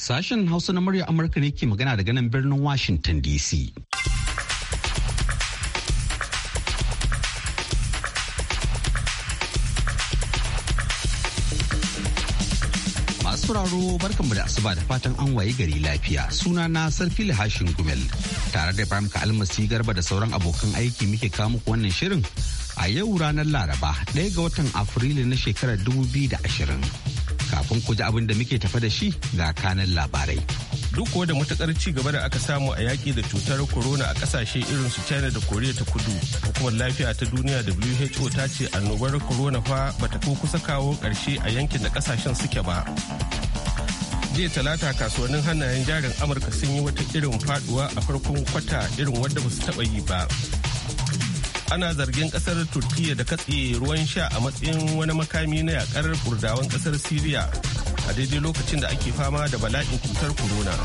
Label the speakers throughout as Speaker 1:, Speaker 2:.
Speaker 1: Sashen Hausa na murya Amurka ne ke magana daga nan birnin Washington DC. Masu barkan barkanmu da asuba da fatan an waye gari lafiya suna na sarfi hashin gumel tare da Ibrahim almasi garba da sauran abokan aiki muke kawo muku wannan shirin a yau ranar laraba ɗaya ga watan afrilu na shekarar 2020. Kafin ku ji abin da muke tafa da shi ga kanan labarai.
Speaker 2: Duk da matakar ci gaba da aka samu a yaƙi da cutar corona a ƙasashe irin su China da Koriya ta kudu, hukumar lafiya ta duniya WHO ta ce annobar corona fa bata ko kusa kawo ƙarshe a yankin da ƙasashen suke ba. jiya talata kasuwannin hannayen jarin amurka sun yi wata irin faduwa a farkon kwata irin wadda ba su taba yi ba ana zargin kasar turkiya da katse ruwan sha a matsayin wani makami na yakar kurdawan kasar syria a daidai lokacin da ake fama da bala'in cutar corona.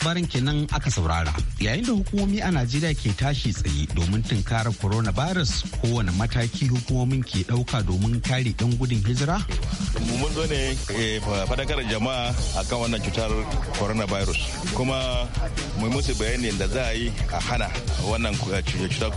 Speaker 2: labarin kenan aka saurara.
Speaker 1: Yayin da hukumomi a Najeriya ke tashi tsaye domin tunkarar coronavirus kowane mataki hukumomin ke ɗauka domin kare 'yan gudun hijira?
Speaker 3: Mun zo ne eh, fadakar jama'a akan wannan cutar coronavirus kuma mu musu bayani da za a yi a hana wannan eh, cutar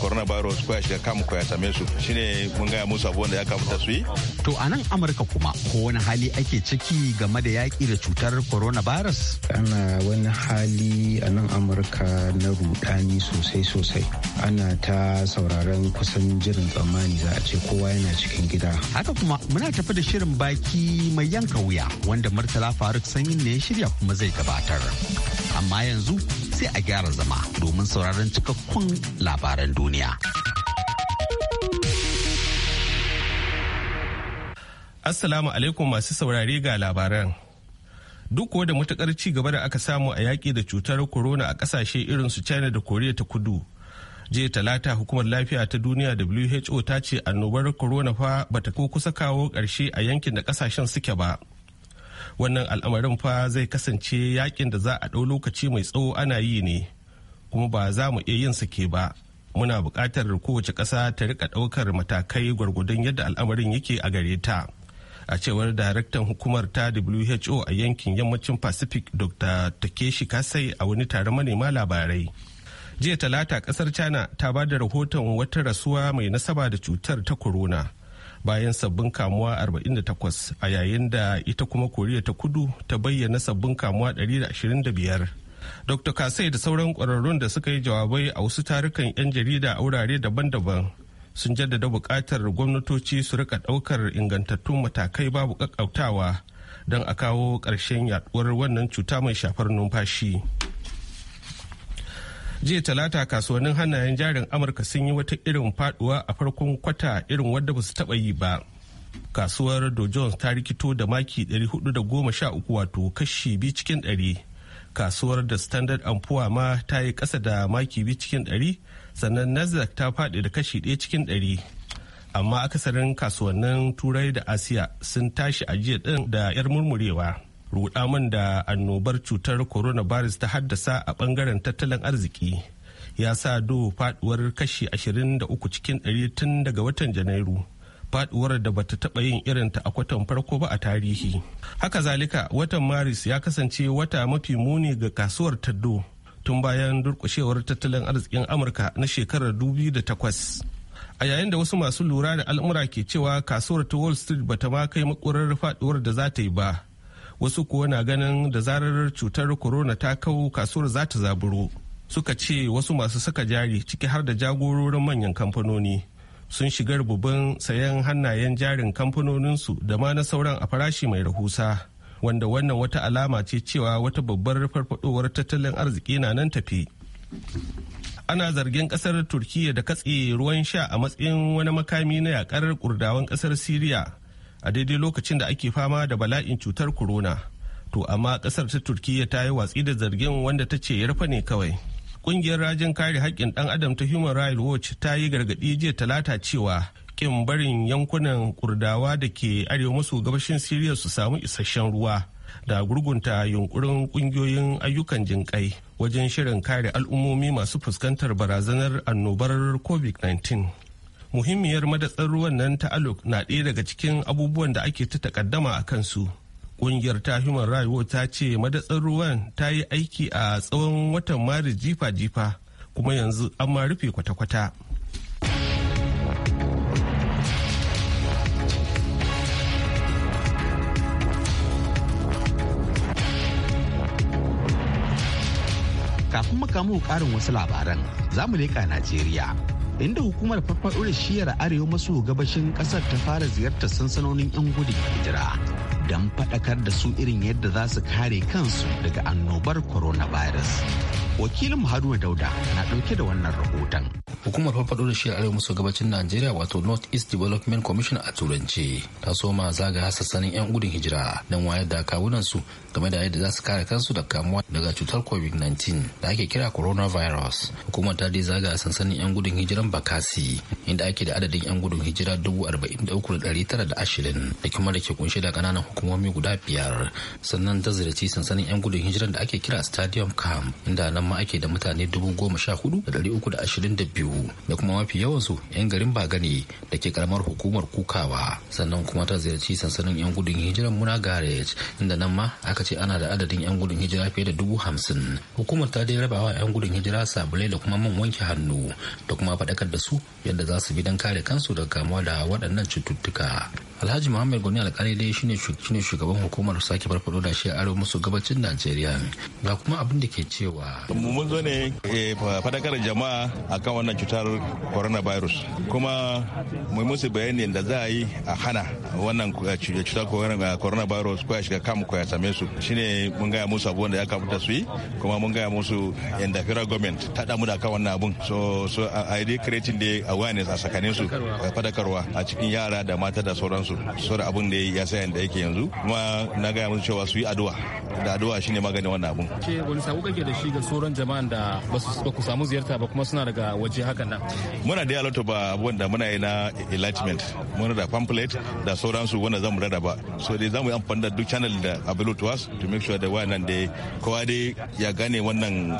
Speaker 3: coronavirus ko ya shiga kamu ko ya same su shine mun gaya musu abubuwan da ya kamata su yi.
Speaker 1: To a nan Amurka kuma kowane hali ake ciki game da yaƙi da cutar coronavirus?
Speaker 4: Ana wani Na hali a nan amurka na rudani sosai-sosai ana ta sauraron kusan jirin tsammani za a ce kowa yana cikin gida
Speaker 1: haka kuma muna tafi da shirin baki mai yanka wuya wanda murtala faruk sanyin ne ya shirya kuma zai gabatar amma yanzu sai a gyara zama domin sauraron cikakkun labaran duniya
Speaker 2: assalamu alaikum masu saurari ga labaran duk kuwa da matukar ci gaba da aka samu a yaƙi da cutar corona a ƙasashe irin su china da koriya ta kudu jiya talata hukumar lafiya ta duniya who ta ce annobar corona fa bata ko kusa kawo ƙarshe a yankin da ƙasashen suke ba wannan al'amarin fa zai kasance yakin da za a ɗau lokaci mai tsawo ana yi ne kuma ba za mu iya yin ke ba muna buƙatar kowace ƙasa ta rika ɗaukar matakai gwargwadon yadda al'amarin yake a gare ta. a cewar daraktan hukumar ta who a yankin yammacin pacific dr takeshi kasai a wani taron manema labarai jiya talata kasar china ta ba da rahoton wata rasuwa mai nasaba da cutar ta corona bayan sabbin kamuwa 48 a yayin da ita kuma koriya ta kudu ta bayyana sabbin kamuwa 125 dr kasai da sauran ƙwararrun da suka yi jawabai a wasu tarukan 'yan jarida a wurare daban-daban sun jaddada buƙatar gwamnatoci su rika ɗaukar ingantattun matakai babu kakkautawa don a kawo ƙarshen yaduwar wannan cuta mai shafar numfashi. jiya talata kasuwannin hannayen jarin amurka sun yi wata irin faduwa a farkon kwata irin wadda ba su taɓa yi ba kasuwar dow jones ta rikito da maki 413 wato kashi bi cikin 100 kasuwar da standard ampuwa ma ta yi kasa da maki bi cikin sannan nasdaq ta faɗi da kashi ɗaya cikin ɗari amma akasarin kasuwannin turai da asiya sun tashi a jiya ɗin da 'yar murmurewa rudaman da annobar cutar corona virus ta haddasa a ɓangaren tattalin arziki ya sa do faduwar kashi ashirin da uku cikin ɗari tun daga watan janairu faduwar da bata taba yin irin ta a kwatan farko ba a tarihi haka zalika watan maris ya kasance wata mafi muni ga kasuwar taddo tun bayan durkushewar tattalin arzikin amurka na shekarar 2008 a yayin da wasu masu lura da al'umura ke cewa kasuwar ta wall street bata ma kai makurar faduwar da za ta yi ba wasu kuwa na ganin da zarar cutar corona ta kau kasuwar za ta zaburo suka ce wasu masu saka jari ciki har da jagororin manyan kamfanoni sun shiga babban sayan hannayen jarin kamfanoninsu da ma na sauran a farashi mai rahusa wanda wannan wata alama ce cewa wata babbar farfadowar tattalin arziki na nan tafi ana zargin kasar turkiya da katse ruwan sha a matsayin wani makami na yakar kurdawan kasar syria a daidai lokacin da ake fama da bala'in cutar corona to amma kasar ta turkiya ta yi watsi da zargin wanda ta ce yarfa ne kawai kungiyar rajin kare haƙƙin ɗan adam ta human rights watch ta yi gargaɗi jiya talata cewa ƙin barin yankunan kurdawa da ke arewa maso gabashin siriya su samu isasshen ruwa da gurgunta yunkurin ƙungiyoyin ayyukan jinƙai wajen shirin kare al'ummomi masu fuskantar barazanar annobar covid-19 muhimmiyar madatsar ruwan nan ta aluk na ɗaya daga cikin abubuwan da ake ta takaddama a kansu ƙungiyar ta human rights ta ce madatsar ruwan ta yi aiki a tsawon watan maris jifa-jifa kuma yanzu an ma rufe kwata-kwata
Speaker 5: kafin
Speaker 1: mu kamu karin wasu labaran zamu mu leƙa najeriya inda hukumar farfaɗo da shiyar arewa maso gabashin ƙasar ta fara ziyartar sansanonin 'yan gudun hijira don faɗakar da su irin yadda za su kare kansu daga annobar coronavirus
Speaker 6: wakilin haruna dauda na ɗauke da wannan rahoton hukumar farfado da shi a arewa maso gabacin najeriya wato north east development commission a turance ta soma zaga sassanin yan gudun hijira don wayar da kawunansu game da yadda za su kare kansu da kamuwa daga cutar covid-19 da ake kira coronavirus hukumar ta dai zaga sansanin yan gudun hijiran bakasi inda ake da adadin yan gudun hijira dubu arba'in da uku da dari tara da ashirin da kuma da ke kunshe da kananan hukumomi guda biyar sannan ta ziyarci sansanin yan gudun hijiran da ake kira stadium camp inda nan ma ake da mutane dubu goma sha hudu da dari uku da ashirin da biyu Buhu da kuma mafi yawansu 'yan garin gani da ke karamar hukumar Kukawa sannan kuma ta ziyarci sansanin 'yan gudun hijirar Muna Garage inda nan ma aka ce ana da adadin 'yan gudun hijira fiye da dubu hamsin. Hukumar ta dai rabawa 'yan gudun hijira sabulai da kuma man wanke hannu da kuma faɗakar da su yadda za su bi don kare kansu daga kamuwa da waɗannan cututtuka. alhaji muhammad goni alkali dai shine shugaban hukumar sake farfado da shi a arewa maso gabacin najeriya ga kuma abin da ke cewa
Speaker 3: mun zo ne eh, fadakar jama'a akan wannan cutar coronavirus kuma mu musu bayani da za a yi a hana wannan eh, cutar eh, coronavirus ko ya shiga kamu ko ya same su shine mun gaya musu abubuwan da ya kamata su yi kuma mun gaya musu yanda federal government ta damu da kan wannan abun so so a yi creating the awareness a tsakanin su fadakarwa a cikin yara da mata da sauran kansu da abun da ya sayan da yake yanzu kuma na gaya musu cewa su yi addu'a da addu'a shine maganin wannan abun
Speaker 6: ke wani sako kake da shi ga sauran jama'an da ba ku samu ziyarta ba kuma suna daga waje hakan nan
Speaker 3: muna da yalota ba abubuwan da muna yi na enlightenment muna da pamphlet da sauransu wanda zamu rada ba so dai zamu yi amfani da duk channel da available to us to make sure da wayannan da kowa dai ya gane wannan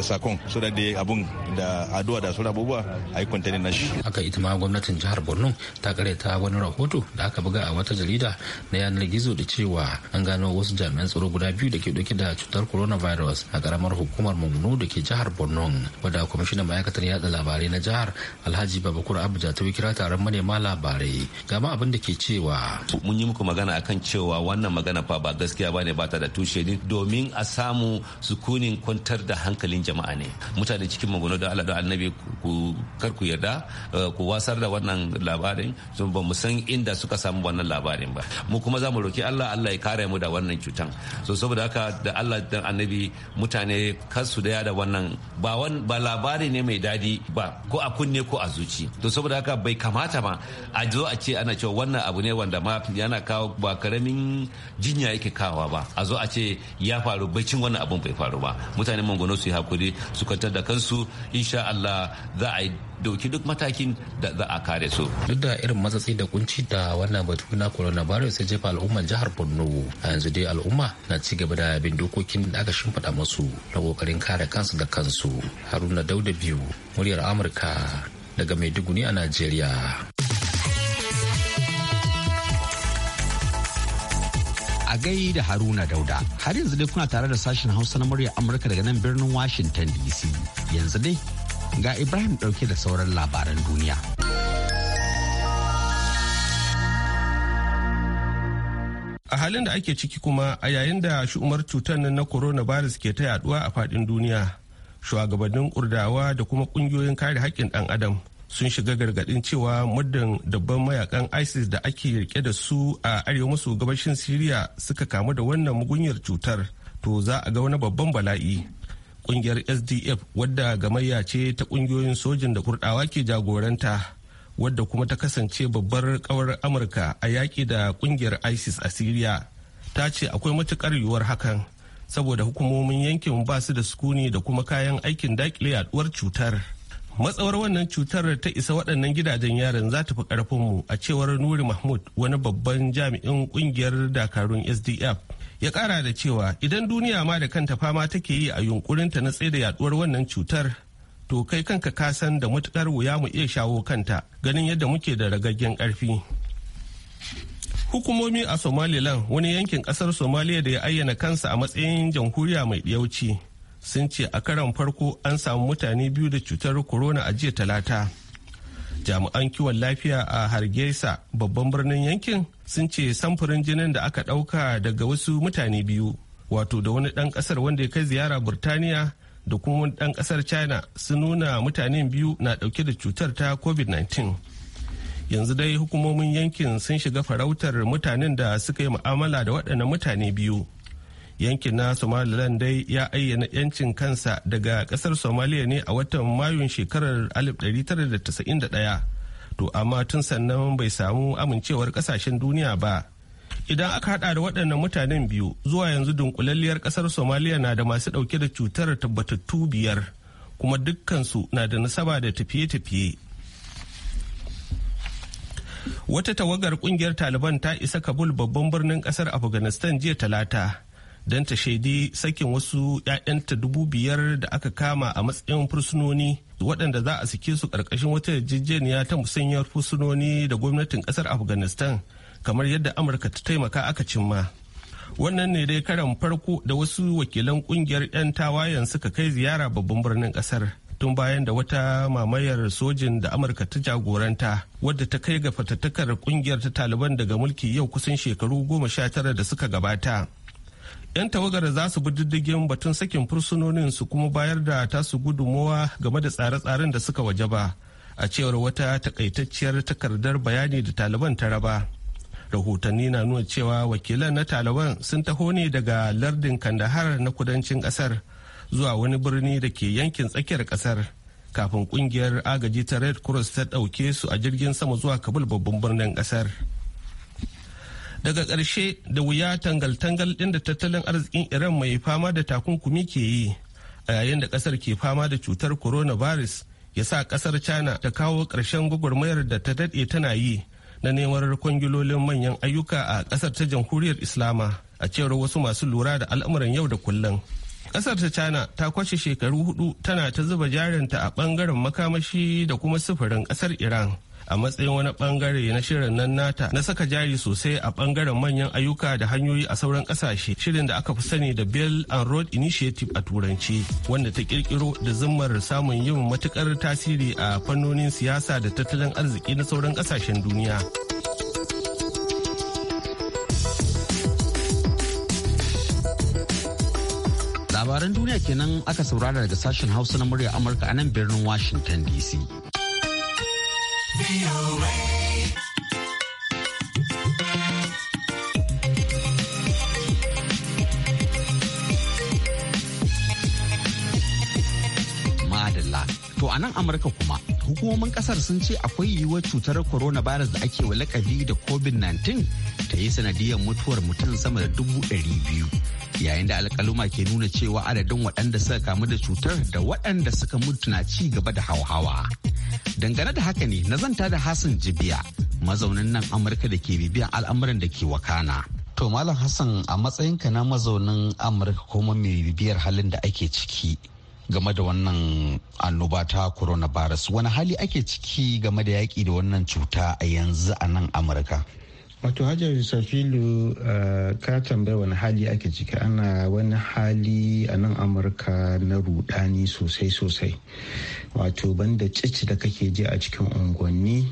Speaker 3: sakon so da dai abun da addu'a da sauran abubuwa a yi kwantanin nashi haka ita ma gwamnatin
Speaker 6: jihar Borno ta ta wani rahoto da aka buga a wata jarida na yanar gizo da cewa an gano wasu jami'an tsaro guda biyu da ke dauke da cutar coronavirus a karamar hukumar mamunu da ke jihar borno wadda kwamishinan ma'aikatar yada labarai na jihar alhaji babakur abuja ta kira taron manema labarai gama abin da ke cewa
Speaker 3: mun yi muku magana akan cewa wannan magana fa ba gaskiya ba ne ba ta da tushe ne domin a samu sukunin kwantar da hankalin jama'a ne mutane cikin magana da allah da annabi ku karku ku yarda eh, ku wasar da wannan labarin ba mu san inda suka samu wannan labarin ba mu kuma za mu roki Allah Allah ya kare mu da wannan cutan so saboda haka da Allah dan annabi mutane kar su daya da wannan ba wan ba labari ne mai dadi ba ko a kunne ko a zuci to saboda haka bai kamata ma a zo a ce ana cewa wannan abu ne wanda ma yana kawo ba karamin jinya yake kawa ba a zo a ce ya faru bacin wannan abun bai faru ba mutane mangono su yi hakuri su kwantar da kansu insha Allah za a yi dauki duk matakin da za a kare su
Speaker 6: duk da irin matsatsi da kunci da wannan batu na coronavirus ya jefa al'ummar jihar borno a yanzu dai al'umma na ci gaba da bin dokokin da aka shimfiɗa musu na kokarin kare kansu da kansu haruna dauda biyu muryar amurka daga maiduguri a najeriya a
Speaker 1: gai da haruna dauda har yanzu dai kuna tare da sashen hausa na murya amurka daga nan birnin washington dc yanzu dai Ga Ibrahim ɗauke da sauran labaran duniya.
Speaker 2: A halin da ake ciki kuma a yayin da shu'umar cutar nan na coronavirus ke ta yaduwa a faɗin duniya, shugabannin kurdawa da kuma ƙungiyoyin kare haƙƙin ɗan adam sun shiga gargaɗin cewa muddin dabban mayakan isis da ake rike da su a arewa maso gabashin siriya suka kamu da wannan mugunyar cutar to za a ga wani babban bala'i. kungiyar sdf wadda gamayya ce ta kungiyoyin sojin da kurdawa ke jagoranta wadda kuma ta kasance babbar kawar amurka a yaƙi da kungiyar isis a syria ta ce akwai matukar yiwuwar hakan saboda hukumomin yankin ba su da sukuni da kuma kayan aikin dakile yaduwar cutar matsawar wannan cutar ta isa waɗannan gidajen yaran za ta fi ƙarfinmu a cewar nuri mahmud wani babban jami'in ƙungiyar dakarun sdf ya kara da cewa idan duniya ma da kanta fama take yi a yunkurinta na tsaye da yaduwar wannan cutar to kai kanka ka san da matukar wuya mu iya shawo kanta ganin yadda muke da ragaggen karfi hukumomi a somaliland wani yankin kasar somaliya da ya ayyana kansa a matsayin jamhuriya mai ɗiyauci sun ce a karan farko an samu mutane biyu da cutar corona a jiya talata jami'an kiwon lafiya a hargeisa babban birnin yankin sun ce samfurin jinin da aka ɗauka daga wasu mutane biyu wato da wani ɗan ƙasar wanda ya kai ziyara burtaniya da kuma wani ɗan ƙasar china sun nuna mutane biyu na ɗauke da cutar ta covid-19 yanzu dai hukumomin yankin sun shiga farautar mutanen da suka yi mu'amala da waɗannan mutane biyu yankin na somaliland dai ya ayyana 'yancin kansa daga kasar somaliya ne a watan mayun shekarar 1991 to amma tun sannan bai samu amincewar kasashen duniya ba idan aka hada da waɗannan mutanen biyu zuwa yanzu dunkulalliyar kasar somaliya na da masu ɗauke da cutar tabbatattu biyar kuma dukkansu na da nasaba da tafiye-tafiye wata tawagar kungiyar taliban ta isa kabul babban birnin kasar afghanistan jiya talata don ta shaidi sakin wasu 'ya'yanta dubu biyar da aka kama a matsayin fursunoni waɗanda za a sike su ƙarƙashin wata yarjejeniya ta musanyar fursunoni da gwamnatin ƙasar afghanistan kamar yadda amurka ta taimaka aka cimma wannan ne dai karan farko da wasu wakilan ƙungiyar 'yan tawayen suka kai ziyara babban birnin ƙasar tun bayan da wata mamayar sojin da amurka ta jagoranta wadda ta kai ga fatattakar ƙungiyar ta taliban daga mulki yau kusan shekaru goma sha tara da suka gabata 'yan tawagar za su bi diddigin batun sakin fursunonin su kuma bayar da tasu gudunmowa game da tsare-tsaren da suka waje ba a cewar wata takaitacciyar takardar bayani da taliban ta raba rahotanni na nuna cewa wakilan na taliban sun taho ne daga lardin kandahar na kudancin kasar zuwa wani birni da ke yankin tsakiyar kasar kafin kungiyar agaji ta red cross ta ɗauke su a jirgin sama zuwa kabul babban birnin kasar daga ƙarshe da wuya tangal-tangal ɗin da tattalin arzikin iran mai fama da takunkumi ke yi a yayin da ƙasar ke fama da cutar coronavirus ya sa ƙasar china ta kawo ƙarshen gwagwarmayar da ta daɗe tana yi na neman kwangilolin manyan ayyuka a ƙasar ta jamhuriyar islama a cewar wasu masu lura da al'amuran yau da kullum ƙasar ta china ta kwashe shekaru hudu tana ta zuba jarinta a ɓangaren makamashi da kuma sufurin ƙasar iran a matsayin wani bangare na shirin nan nata na saka jari sosai a bangaren manyan ayyuka da hanyoyi a sauran kasashe shirin da aka fi sani da Bell and Road Initiative a turanci wanda ta kirkiro da zimmar samun yin matukar tasiri a fannonin siyasa da tattalin arziki na sauran kasashen duniya.
Speaker 1: Labaran duniya kenan aka saurara daga sashen Hausa na murya Amurka a nan birnin Washington DC. To a Amurka kuma hukumomin kasar sun ce akwai yiwuwar cutar corona coronavirus da ake wa lakabi da COVID-19 ta yi sanadiyar mutuwar mutum sama da dubu ɗari biyu. Yayin da alkaluma ke nuna cewa adadin waɗanda suka kamu da cutar da waɗanda suka mutu na ci gaba da hauhawa. dangane da haka ne na zanta da hassan jibiya mazaunin nan amurka da ke bibiyan al'amuran da ke wakana to malam hassan a matsayinka na mazaunin amurka kuma mai bibiyar halin da ake ciki game da wannan annoba ta coronavirus wani hali ake ciki game da yaƙi da wannan cuta a yanzu a nan amurka
Speaker 4: wato hajjar safilu eh, ka tambaya wani hali ake ciki ana wani hali a nan amurka na rudani sosai sosai wato banda cici da kake ji a cikin unguwanni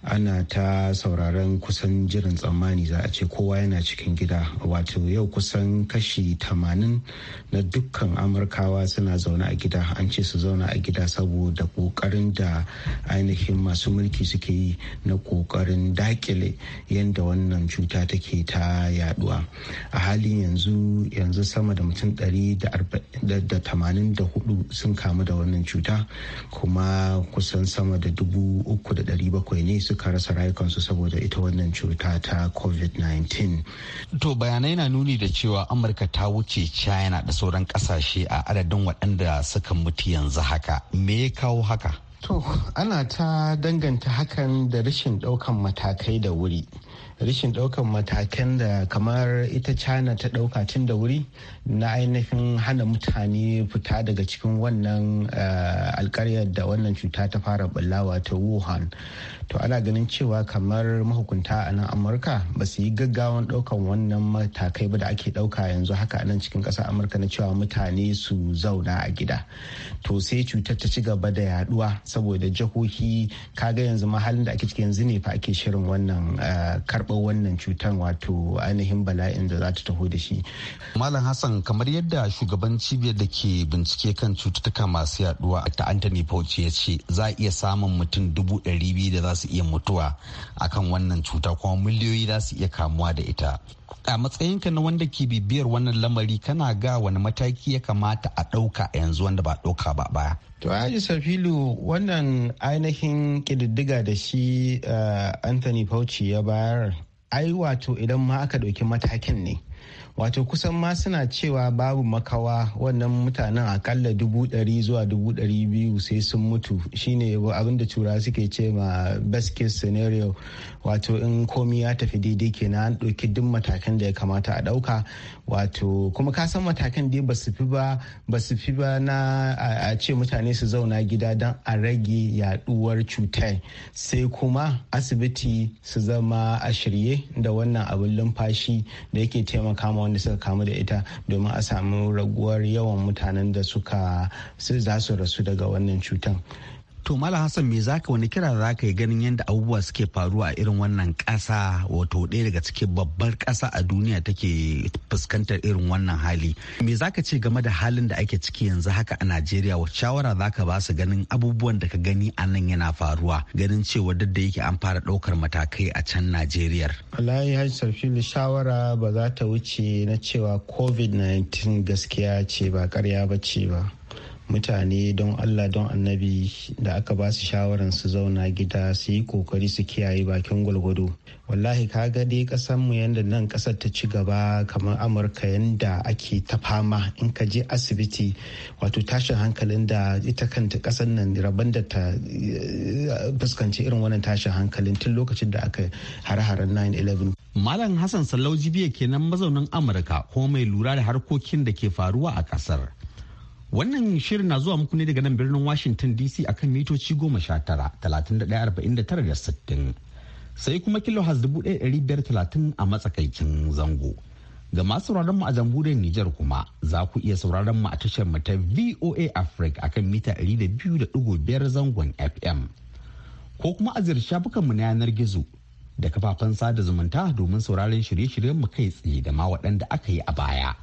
Speaker 4: ana ta sauraron kusan jiran tsammani za a ce kowa yana cikin gida wato yau kusan kashi tamanin na dukkan amurkawa suna zaune a gida an ce su zauna a gida saboda kokarin da ainihin masu mulki suke yi na kokarin dakile yadda wannan cuta take ta yaduwa a halin yanzu yanzu sama da mutum 184 sun kamu da wannan cuta kuma kusan sama da 3,700 ne suka rasa rayukansu saboda ita wannan cuta ta covid-19
Speaker 1: to bayanai na nuni da cewa amurka ta wuce china da sauran kasashe a adadin waɗanda suka mutu yanzu haka me ya kawo haka to
Speaker 4: ana ta danganta hakan da rashin ɗaukan matakai da wuri rashin ɗaukan matakan da kamar ita china ta ɗauka tun da wuri na ainihin hana mutane fita daga cikin wannan eh, alkaryar da wannan cuta ta fara ballawa ta wuhan to ana ganin cewa kamar mahukunta a nan amurka ba su yi gaggawan daukan wannan matakai ba da ake dauka yanzu haka a nan cikin kasa amurka na cewa mutane su zauna a gida to sai cutar ta ci gaba da yaduwa saboda jihohi kaga yanzu mahalin da ake ciki yanzu ne fa ake shirin wannan eh, karɓar wannan cutar wato ainihin bala'in da za ta taho da shi malam hassan hakan kamar yadda shugaban cibiyar da ke bincike kan cututtuka masu
Speaker 1: yaduwa ta anthony fauci ya ce za a iya samun mutum dubu ɗari biyu da za su iya mutuwa akan wannan cuta kuma miliyoyi za su iya kamuwa da ita a matsayinka na wanda ke bibiyar wannan lamari kana ga wani mataki ya kamata a ɗauka yanzu wanda ba ɗauka ba baya
Speaker 4: to ya safilu wannan ainihin kididdiga da shi eh, anthony fauci ya bayar ai wato idan ma aka ɗauki matakin ne wato kusan ma suna cewa babu makawa wannan mutanen akalla dubu ɗari zuwa dubu ɗari biyu sai sun mutu shine abin da tura suke ce ma best case scenario wato in komi ya tafi daidai kenan an ɗauki duk matakan da ya kamata a ɗauka wato kuma ka san matakan dai ba su fi ba ba su fi ba na a ce mutane su zauna gida don a rage yaduwar cutar sai kuma asibiti su zama a shirye da wannan abin lumfashi da yake taimaka kuma wanda suka kamu da ita domin a samu raguwar yawan mutanen da suka za su rasu daga wannan cutan to malam hassan me ka wani kira za ka yi ganin yadda abubuwa suke
Speaker 1: faruwa a irin wannan kasa wato ɗaya daga cikin babbar kasa a duniya take fuskantar irin wannan hali me zaka ce game da halin da ake ciki yanzu haka a najeriya wa shawara za ka ba su ganin abubuwan da ka gani a nan yana faruwa ganin cewa duk da yake an fara ɗaukar matakai a can najeriya
Speaker 4: alayi hajji sarfili shawara ba za ta wuce na cewa covid-19 gaskiya ce ba karya ba ce ba mutane don allah don annabi da aka ba su shawaran su zauna gida su yi kokari su kiyaye bakin gwalgwado wallahi ka ga dai kasan yadda nan kasar ta ci gaba kamar amurka yadda ake ta fama in ka je asibiti wato tashin hankalin da ita kanta kasar nan rabon da ta eh, fuskanci irin wannan tashin hankalin tun lokacin da aka hare-haren 9-11
Speaker 1: malam hassan sallauji biya kenan mazaunin amurka ko mai lura da harkokin da ke faruwa a kasar Wannan shirin na zuwa muku ne daga nan birnin Washington DC akan mitoci goma sha tara, talatin da ɗaya arba'in da tara da sittin. Sai kuma kilo has dubu ɗaya ɗari biyar talatin a matsakaicin zango. Ga masu sauraron mu a jamhuriyar Nijar kuma za ku iya sauraron mu a tashar mu ta VOA Africa akan mita ɗari da biyu da ɗigo biyar zangon FM. Ko kuma a ziyarci mu na yanar gizo da kafafen sada zumunta domin sauraron shirye-shiryen mu kai tsaye da ma waɗanda aka yi a baya.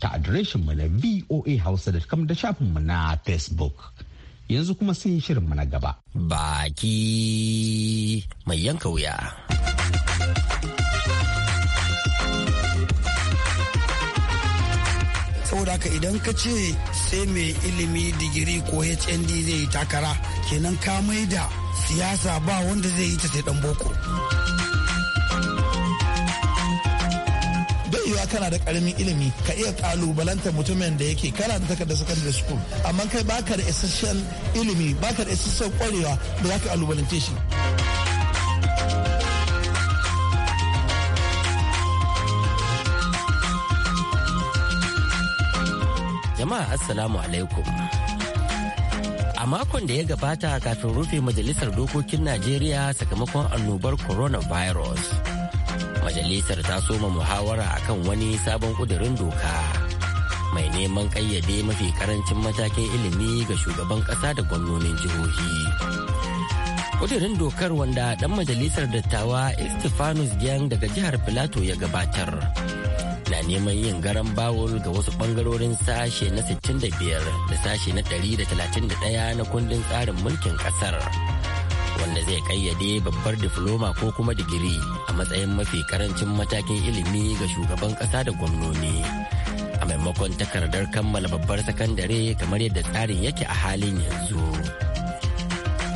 Speaker 1: ta adireshin mu na voa hausa da kam da shafin mu na facebook yanzu kuma sai shirin mu na gaba
Speaker 7: baki mai yanka
Speaker 8: wuya saboda ka idan ka ce sai mai ilimi digiri ko hnd zai yi takara kenan ka mai da siyasa ba wanda zai yi ta sai dan boko
Speaker 9: kana da karamin ilimi ka iya kalubalantar mutumin da yake kana da takardar secondary school amma kai baka da isasshen ilimi baka da isasshen kwarewa da za ka kalubalance shi.
Speaker 7: jama'a assalamu alaikum a makon da ya gabata kafin rufe majalisar dokokin najeriya sakamakon annobar coronavirus majalisar ta soma muhawara akan wani sabon kudirin doka mai neman ƙayyade mafi karancin matakin ilimi ga shugaban ƙasa da gwamnonin jihohi. Kudirin dokar wanda ɗan majalisar dattawa Estefanus Gyan daga jihar Filato ya gabatar na neman yin garan bawul ga wasu bangarorin sashe na 65 da sashe na 131 na kundin tsarin mulkin ƙasar. wanda zai kayyade babbar difloma ko kuma digiri a matsayin mafi karancin matakin ilimi ga shugaban kasa da gwamnoni a maimakon takardar kammala babbar sakandare kamar yadda tsarin yake a halin yanzu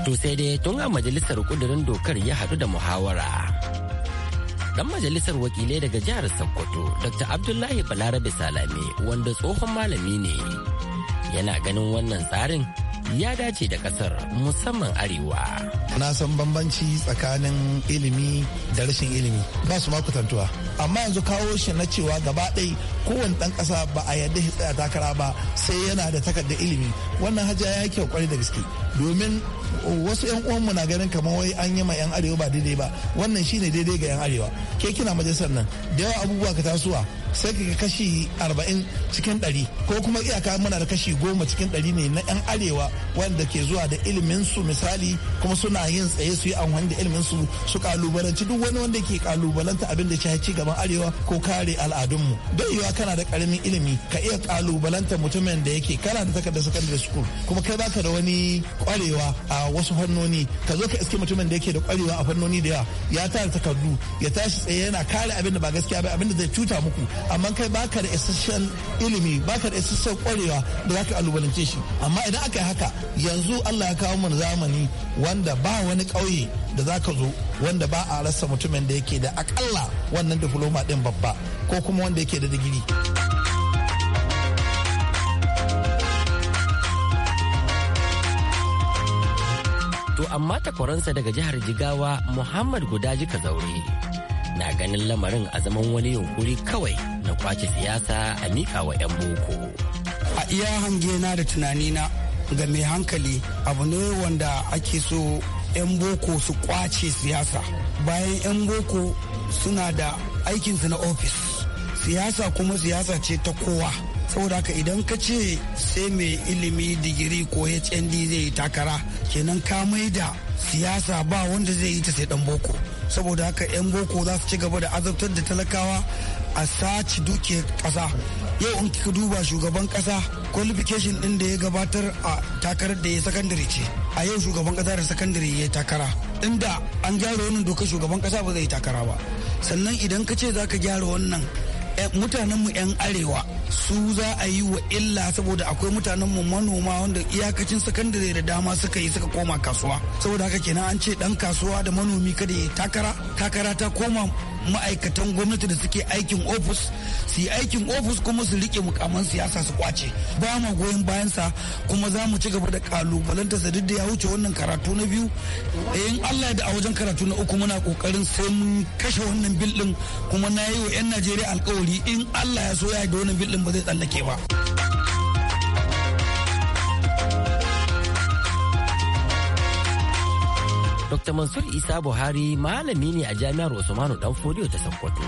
Speaker 7: to sai dai tun a majalisar kudurin dokar ya haɗu da muhawara dan majalisar wakilai daga jihar sokoto dr abdullahi balarabe salame wanda tsohon malami ne yana ganin wannan tsarin ya dace da kasar musamman arewa.
Speaker 9: Na san bambanci tsakanin ilimi da rashin ilimi ba su makutantuwa. Amma yanzu kawo shi na cewa gaba ɗai kowane ɗan ƙasa ba a yarda shi tsaya takara ba sai yana da takardar ilimi. Wannan haja ya yi kyau kwarai da gaske. domin wasu yan uwanmu na ganin kamar wai an yi ma yan arewa ba daidai ba wannan shine daidai ga yan arewa ke kina majalisar nan da yawa abubuwa ka tasowa sai ka kashi arba'in cikin 100 ko kuma iyaka muna da kashi goma cikin 100 ne na yan arewa wanda ke zuwa da ilimin su misali kuma suna yin tsaye su yi amfani da ilimin su su kalubalanci duk wani wanda ke kalubalanta abin da shi ci gaban arewa ko kare al'adunmu don yiwa kana da karamin ilimi ka iya kalubalanta mutumin da yake kana da takardar secondary school kuma kai baka da wani kwarewa a wasu fannoni ka zo ka iske mutumin da yake da kwarewa a fannoni da yawa ya tara takardu ya tashi tsaye yana kare abin da ba gaskiya ba abin da zai cuta muku amma kai baka da isasshen ilimi baka da isasshen kwarewa da zaka alubalance shi amma idan aka yi haka yanzu Allah ya kawo mana zamani wanda ba wani kauye da zaka zo wanda ba a rasa mutumin da yake da akalla wannan difloma din babba ko kuma wanda yake da digiri.
Speaker 7: to amma takwaransa daga jihar jigawa muhammad guda jika zaure na ganin lamarin a zaman wani yunkuri kawai na kwace siyasa a mika wa 'yan boko
Speaker 8: a iya hangena da tunanina ga mai hankali abu ne wanda ake so 'yan boko su kwace siyasa bayan 'yan boko suna da aikinsu na ofis siyasa kuma siyasa ce ta kowa saboda haka idan ka ce sai mai ilimi digiri ko hnd zai yi takara kenan ka maida siyasa ba wanda zai yi ta sai dan boko saboda haka 'yan boko za su ci gaba da azabtar da talakawa a sace duke kasa yau in kika duba shugaban kasa qualification din da ya gabatar a takarar da ya sakandare ce a yau shugaban kasa da sakandare ya takara inda an gyara wannan doka shugaban kasa ba zai takara ba sannan idan ka ce za ka gyara wannan mutanenmu 'yan arewa su za a yi wa illa saboda akwai mutanen mu manoma wanda iyakacin sakandare da dama suka yi suka koma kasuwa saboda haka kenan an ce dan kasuwa da manomi kada ya takara takara ta koma ma'aikatan gwamnati da suke aikin ofis su yi aikin ofis kuma su rike mukaman siyasa su kwace ba ma goyon bayansa kuma za mu ci gaba da kalubalanta sa duk da ya wuce wannan karatu na biyu eh, in allah ya da a wajen karatu na uku muna kokarin sai mun kashe wannan bil din kuma na yi wa yan najeriya alkawari in allah ya so ya da wannan bil kullum ba zai tsallake ba.
Speaker 7: Dr. Mansur Isa Buhari malami ne a jami'ar Usmanu Danfodiyo ta Sokoto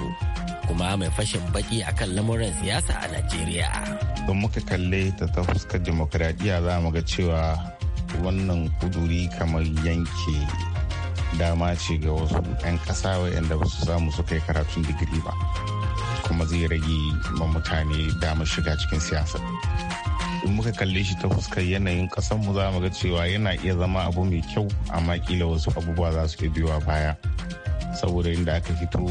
Speaker 7: kuma mai fashin baki kan lamuran siyasa a Najeriya.
Speaker 5: Don muka kalle ta ta fuskar demokradiyya za mu ga cewa wannan kuduri kamar yanke dama ce ga wasu 'yan ƙasa waɗanda ba su samu suka yi karatun digiri ba. kuma zai rage ma mutane dama shiga cikin siyasa in muka kalle shi ta fuskar yanayin kasan mu za mu ga cewa yana iya zama abu mai kyau amma kila wasu abubuwa za su iya biyowa baya saboda inda aka fito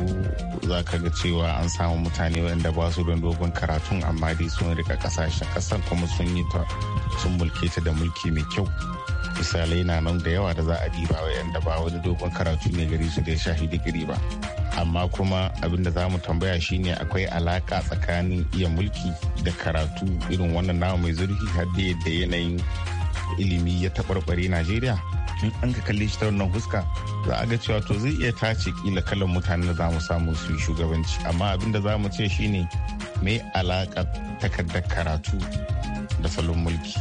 Speaker 5: za ka ga cewa an samu mutane wanda ba su don dogon karatun amma dai sun rika kasashen ƙasar kuma sun yi ta sun mulke ta da mulki mai kyau misalai na nan da yawa da za a diba wa yan da ba wani dogon karatu ne gari su da ya shafi digiri ba amma kuma abin da za mu tambaya shine akwai alaka tsakanin iya mulki da karatu irin wannan nama mai zurfi har da yadda yanayin ilimi ya taɓarɓare najeriya in an ka kalle shi ta wannan fuska za a ga cewa to zai iya tace kila kalan mutanen da za mu samu su shugabanci amma abin da za mu ce shine mai alaka takardar karatu da salon mulki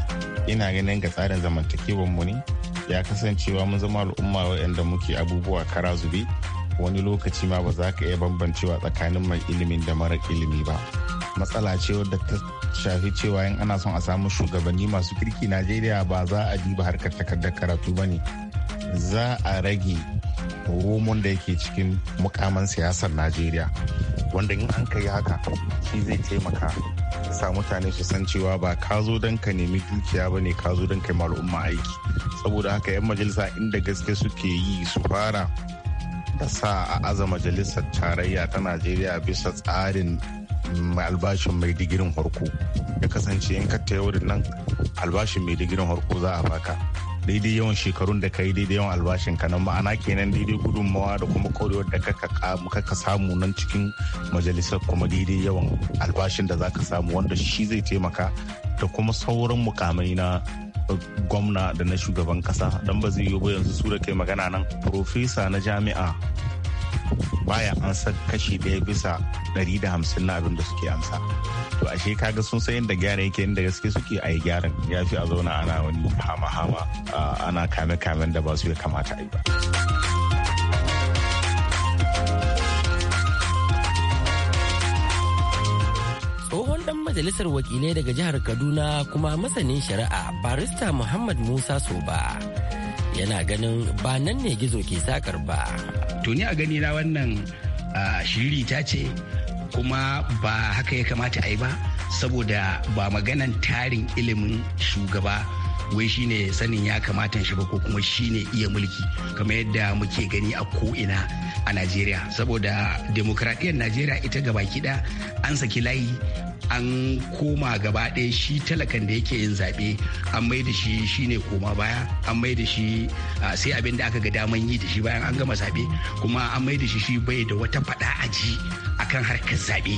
Speaker 5: ina ganin ga tsarin zamantakewar mu ne ya kasancewa mun zama al'umma waɗanda muke abubuwa kara zube wani lokaci ma ba za ka iya bambancewa tsakanin mai ilimin da mara ilimi ba matsala ce wadda ta shafi cewa in ana son a samu shugabanni masu kirki najeriya ba za a diba harkar takardar karatu ba ne za a rage romon da yake cikin mukaman siyasar najeriya wanda in an kai haka shi zai taimaka sa mutane su san cewa ba ka zo don ka nemi dukiya ba ne ka zo don kai al'umma aiki saboda haka 'yan majalisa inda gaske suke yi su fara da sa a aza majalisar tarayya ta najeriya bisa tsarin albashin mai digirin harko ya kasance in ka nan albashin mai digirin harko za a baka daidai yawan shekarun da ka yi daidai yawan albashin ka nan ma'ana kenan daidai gudunmawa da kuma korewar da kaka samu nan cikin majalisar kuma daidai yawan albashin da zaka samu wanda shi zai taimaka da kuma sauran mukamai na uh, gwamna da na shugaban kasa don ba zai yi ba yanzu su da kai magana nan profesa na jami'a baya san kashi ɗaya bisa ɗari da hamsin na abin da suke amsa to ashe kaga sun san yadda gyara yake inda gaske suke a yi gyaran ya fi a zauna ana wani hama-hama ana kame-kamen da ba su ya kamata a ba.
Speaker 7: tsohon dan majalisar wakilai daga jihar kaduna kuma masanin shari'a barista muhammad musa soba yana ganin ba nan ne gizo ke sakar ba. To ni
Speaker 10: a gani na wannan shiriri ta ce kuma ba haka ya kamata a yi ba saboda ba maganan tarin ilimin shugaba wai shine sanin ya kamata shi ba ko kuma shine iya mulki kamar yadda muke gani a ko'ina a najeriya saboda demokradiyyar najeriya ita gaba kiɗa an saki layi an koma gaba ɗaya shi talakan da yake yin zaɓe an mai da shi shine koma baya an mai da shi sai abin da aka ga daman yi da shi bayan an gama zaɓe kuma an mai da shi shi bai da wata faɗa aji akan harkar zaɓe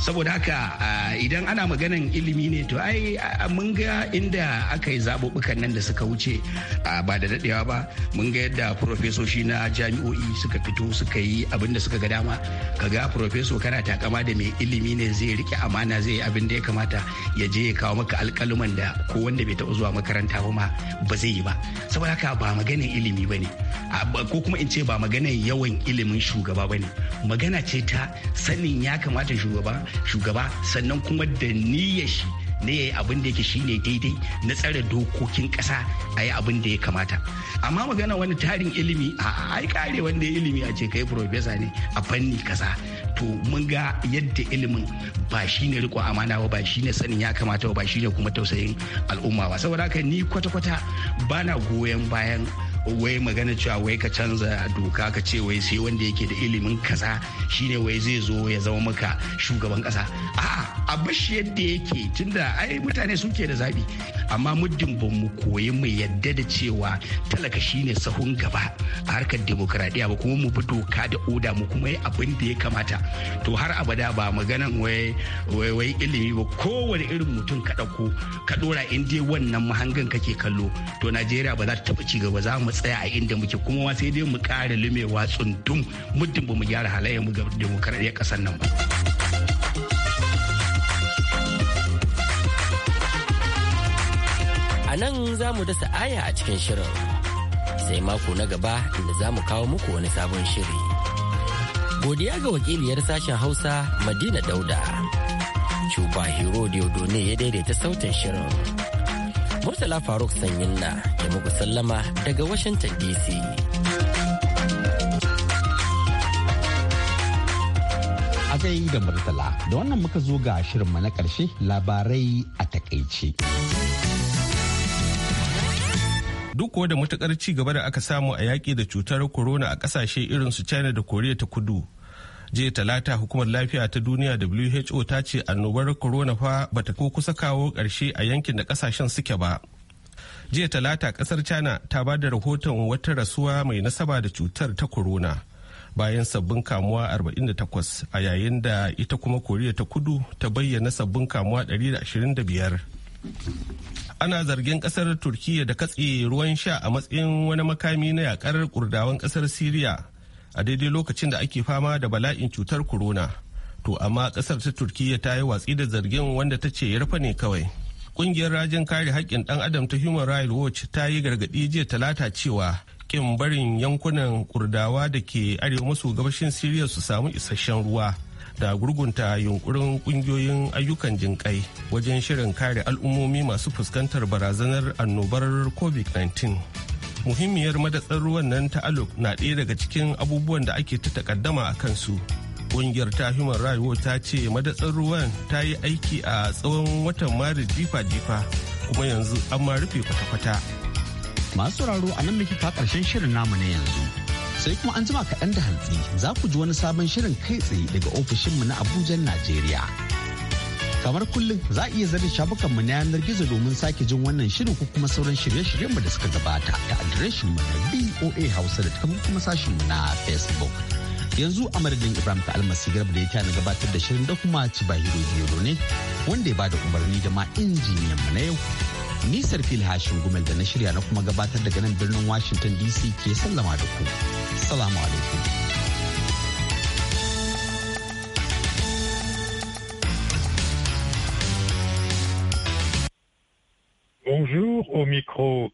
Speaker 10: saboda haka idan ana maganan ilimi ne to ai mun ga inda aka yi zaɓuɓɓukan nan da suka wuce ba da daɗewa ba mun ga yadda profesoshi na jami'o'i suka fito suka yi abin da suka ga dama ga profeso kana takama da mai ilimi ne zai riƙe amana zai yi abin da ya kamata ya je ya kawo maka alƙaluman da ko wanda bai taɓa zuwa makaranta ba ma ba zai yi ba saboda haka ba maganan ilimi ba ne ko kuma in ce ba maganan yawan ilimin shugaba ba ne magana ce ta sanin ya kamata shugaba shugaba sannan kuma da niyyar shi na yayi abin da yake shine daidai na tsare dokokin kasa a yi abin da ya kamata amma magana wani tarin ilimi a ai kare wanda ya ilimi a ce kai profesa ne a fanni kasa to mun ga yadda ilimin ba shine riko amana ba ba shine sanin ya kamata ba shine kuma tausayin al'umma ba saboda haka ni kwata-kwata bana goyon bayan wai magana cewa wai ka canza doka ka ce wai sai wanda yake da ilimin kasa shine wai zai zo ya zama maka shugaban kasa a'a a bashi yadda yake tunda ai mutane suke da zabi amma muddin ba mu koyi mu yadda da cewa talaka shine sahun gaba a harkar demokradiya ba kuma mu bi doka da oda mu kuma yi abin da ya kamata to har abada ba maganan wai wai ilimi ba kowane irin mutum ka ɗauko ka ɗora in dai wannan mahangan kake kallo to najeriya ba za ta taɓa ci gaba za mu tsaya a inda muke kuma sai dai mu ƙara limewa tsundum muddin ba mu gyara halayen mu ga demokaradiyyar ƙasar nan ba.
Speaker 7: A nan za mu dasa aya a cikin shirin sai mako na gaba inda za mu kawo muku wani sabon shiri. Godiya ga wakiliyar sashen Hausa Madina Dauda. chuba Hero Diodone ya daidaita sautin shirin. Murtala Faruk Sanyinna da muku sallama daga Washington DC.
Speaker 1: A gai da Murtala, da wannan muka zo ga shirinmu na ƙarshe labarai a takaice.
Speaker 2: Duk kuwa da matukar ci gaba da aka samu a yaƙi da cutar corona a ƙasashe irin su China da Koriya ta Kudu. jiya talata hukumar lafiya ta duniya who ta ce annobar corona fa bata ko kusa kawo ƙarshe a yankin da ƙasashen suke ba jiya talata kasar china ta ba da rahoton wata rasuwa mai nasaba da cutar ta corona bayan sabbin kamuwa 48 a yayin da ita kuma koriya ta kudu ta bayyana sabbin kamuwa 125 ana zargin kasar turkiya da katse ruwan sha a matsayin wani makami na yakar kurdawan kasar syria a daidai lokacin da ake fama da bala'in cutar corona to amma kasar ta turkiya ta yi watsi da zargin wanda ta ce yarfa ne kawai kungiyar rajin kare haƙƙin ɗan adam ta human rights watch ta yi gargaɗi jiya talata cewa kin barin yankunan kurdawa da ke arewa maso gabashin siriya su samu isasshen ruwa da gurgunta yunkurin kungiyoyin ayyukan jinƙai wajen shirin kare al'ummomi masu fuskantar barazanar annobar covid-19 muhimmiyar madatsar ruwan nan ta aluk na ɗaya daga cikin abubuwan da ake ta takaddama a kansu ƙungiyar ta human rights ta ce madatsar ruwan ta yi aiki a tsawon watan maris jifa-jifa kuma yanzu an ma rufe kwata-kwata masu sauraro a nan muke karshen shirin namu na yanzu
Speaker 1: sai kuma an jima kaɗan da hantsi za ku ji wani sabon shirin kai tsaye daga ofishinmu na abuja najeriya Kamar kullum za a iya shafukan mu na yanar gizo domin sake jin wannan shirin ko kuma sauran shirye shiryen mu da suka gabata ta adireshin mu na VOA Hausa da ta kuma mu na Facebook. Yanzu a madadin Ibrahim ta almasi garba da ya na gabatar da shirin da kuma ci ba hiro ne wanda ya bada umarni da ma injiniyan mu na yau. Nisar fil hashin gumel da na shirya na kuma gabatar daga nan birnin Washington DC ke sallama da ku. Salamu alaikum. Bonjour, au micro